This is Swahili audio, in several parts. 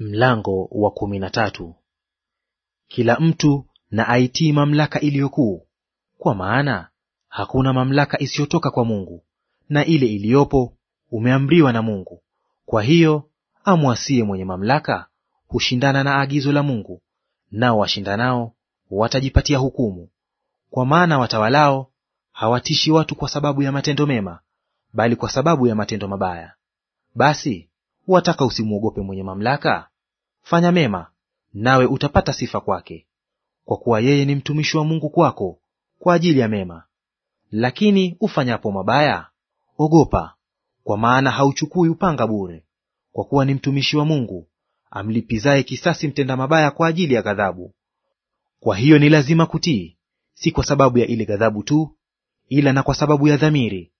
Mlango wa kumi na tatu. Kila mtu na aitii mamlaka iliyokuu, kwa maana hakuna mamlaka isiyotoka kwa Mungu, na ile iliyopo umeamriwa na Mungu. Kwa hiyo amwasiye mwenye mamlaka hushindana na agizo la Mungu, nao washindanao watajipatia hukumu. Kwa maana watawalao hawatishi watu kwa sababu ya matendo mema, bali kwa sababu ya matendo mabaya. Basi wataka usimwogope mwenye mamlaka? Fanya mema, nawe utapata sifa kwake, kwa kuwa yeye ni mtumishi wa Mungu kwako kwa ajili ya mema. Lakini ufanyapo mabaya, ogopa, kwa maana hauchukui upanga bure, kwa kuwa ni mtumishi wa Mungu amlipizaye kisasi mtenda mabaya kwa ajili ya ghadhabu. Kwa hiyo ni lazima kutii, si kwa sababu ya ile ghadhabu tu, ila na kwa sababu ya dhamiri.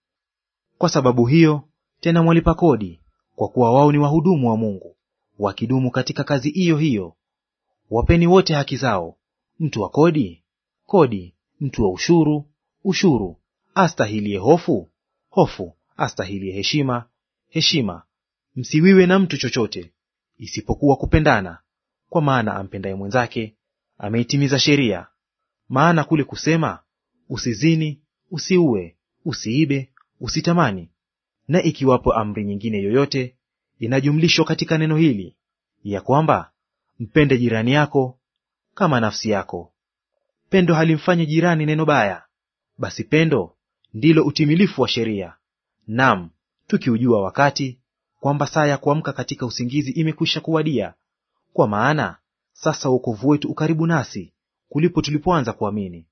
Kwa sababu hiyo tena mwalipa kodi kwa kuwa wao ni wahudumu wa Mungu wakidumu katika kazi hiyo hiyo. Wapeni wote haki zao, mtu wa kodi kodi, mtu wa ushuru ushuru, astahilie hofu hofu, astahilie heshima heshima. Msiwiwe na mtu chochote isipokuwa kupendana, kwa maana ampendaye mwenzake ameitimiza sheria. Maana kule kusema usizini, usiue, usiibe, usitamani na ikiwapo amri nyingine yoyote inajumlishwa katika neno hili, ya kwamba mpende jirani yako kama nafsi yako. Pendo halimfanyi jirani neno baya, basi pendo ndilo utimilifu wa sheria. Nam, tukiujua wakati kwamba saa ya kuamka katika usingizi imekwisha kuwadia, kwa maana sasa wokovu wetu ukaribu nasi kulipo tulipoanza kuamini.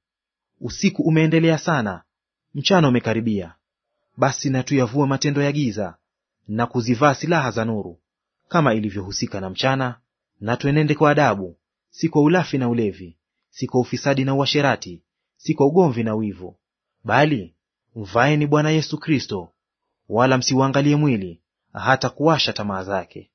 Usiku umeendelea sana, mchana umekaribia basi na tuyavue matendo ya giza na kuzivaa silaha za nuru, kama ilivyohusika na mchana. Na tuenende kwa adabu, si kwa ulafi na ulevi, si kwa ufisadi na uasherati, si kwa ugomvi na wivu, bali mvaeni Bwana Yesu Kristo, wala msiuangalie mwili hata kuwasha tamaa zake.